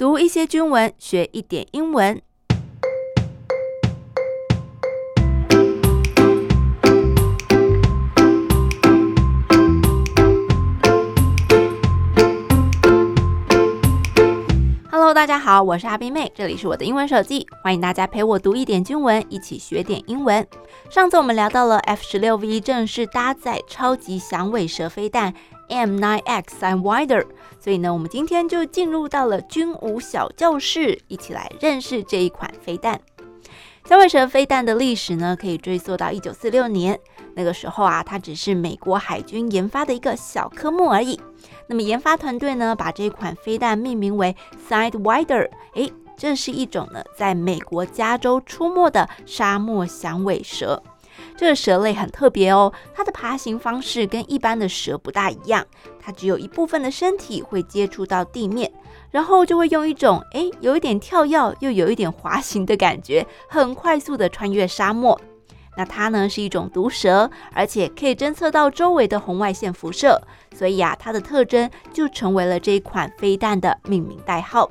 讀一些軍文，學一點英文。Hello，大家好，我是阿斌 e 妹，這裡是我的英文手記，歡迎大家陪我讀一點軍文，一起學點英文。上次我們聊到了 F 十六 V 正式搭載超級響尾蛇飛彈 M9X Sidewinder，所以呢，我們今天就進入到了軍武小教室，一起來認識這一款飛彈。響尾蛇飛彈的歷史呢，可以追溯到一九四六年，那個時候啊，它只是美國海軍研發的一個小科目而已。那麼研發團隊呢，把這款飛彈命名為 Sidewinder，哎，這是一種呢，在美國加州出沒的沙漠響尾蛇。這個蛇類很特別哦，它的爬行方式跟一般的蛇不大一樣，它只有一部分的身體會接觸到地面，然後就會用一種哎，有一點跳躍，又有一點滑行的感覺，很快速的穿越沙漠。那它呢是一種毒蛇，而且可以偵測到周圍的紅外線輻射，所以啊，它的特徵就成為了這一款飛彈的命名代號。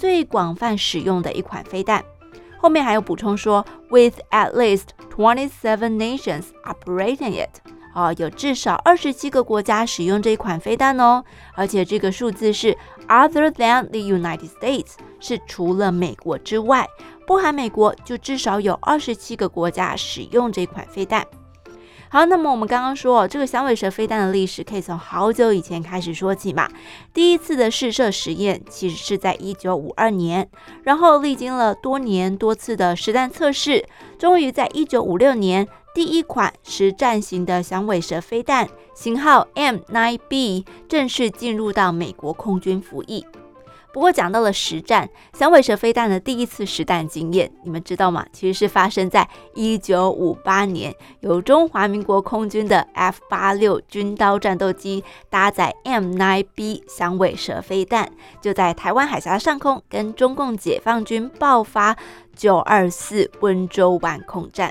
最廣泛使用的一款飛彈，後面還有補充說，with at least twenty seven nations operating it，啊、哦，有至少二十七個國家使用這一款飛彈哦，而且這個數字是 other than the United States，是除了美國之外，不含美國，就至少有二十七個國家使用這款飛彈。好，那麼我們剛剛說哦，這個響尾蛇飛彈的歷史可以從好久以前開始說起嘛。第一次的試射實驗其實是在一九五二年，然後歷經了多年多次的實彈測試，終於在一九五六年，第一款實戰型的響尾蛇飛彈，型號 M9B，正式進入到美國空軍服役。不過講到了實戰，響尾蛇飛彈的第一次實彈經驗，你們知道嗎？其實是發生在一九五八年，由中華民國空軍的 F 八六軍刀戰鬥機搭載 M9B 響尾蛇飛彈，就在台灣海峽上空跟中共解放軍爆發九二四溫州灣空戰。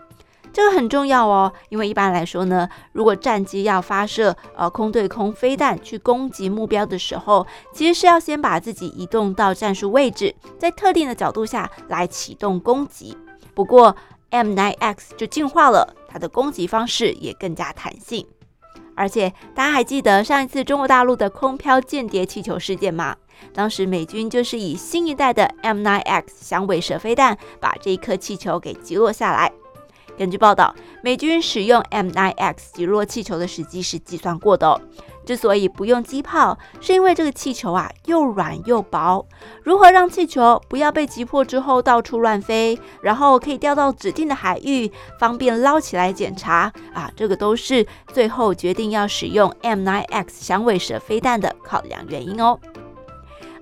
這個很重要哦，因為一般來說呢，如果戰機要發射呃空對空飛彈去攻擊目標的時候，其實是要先把自己移動到戰術位置，在特定的角度下來啟動攻擊。不過 M9X 就進化了，它的攻擊方式也更加彈性。而且大家還記得上一次中國大陸的空飄間諜氣球事件嗎？當時美軍就是以新一代的 M9X 香尾蛇飛彈把這一顆氣球給擊落下來。根據報道，美軍使用 AIM-9X 擊落氣球的時機是計算過的哦。之所以不用機炮，是因為這個氣球啊又軟又薄，如何讓氣球不要被擊破之後到處亂飛，然後可以掉到指定的海域，方便撈起來檢查啊？這個都是最後決定要使用 AIM-9X 響尾蛇飛彈的考量原因哦。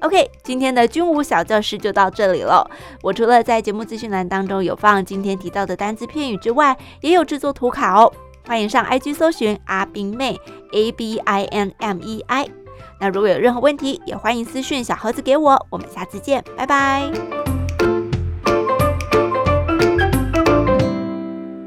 OK，今天的軍武小教室就到這裡了。我除了在節目資訊欄當中有放今天提到的單字片語之外，也有製作圖卡哦。歡迎上 IG 搜尋阿斌妹 A B I N M E I。那如果有任何問題，也歡迎私訊小盒子給我。我們下次見，拜拜。